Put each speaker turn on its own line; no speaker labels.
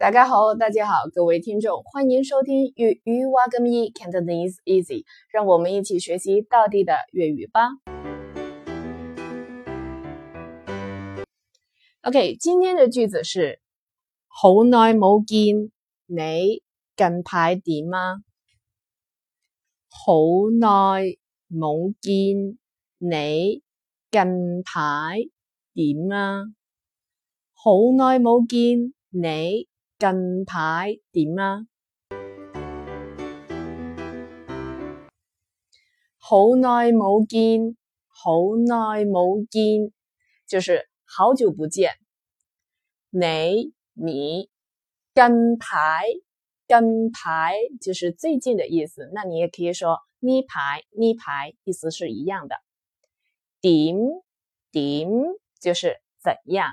大家好，大家好，各位聽眾，歡迎收聽粵語挖根易，Cantonese Easy，讓我們一起學習地道的粵語吧。OK，今天的句子是： 好耐冇見，你近排點啊？好耐冇見，你近排點啊？好耐冇見你。近排點啊？好耐冇見，好耐冇見，就是好久不見。你你近排，近排就是最近的意思。那你也可以說呢排，呢排，意思是一樣的。點，點就是怎樣。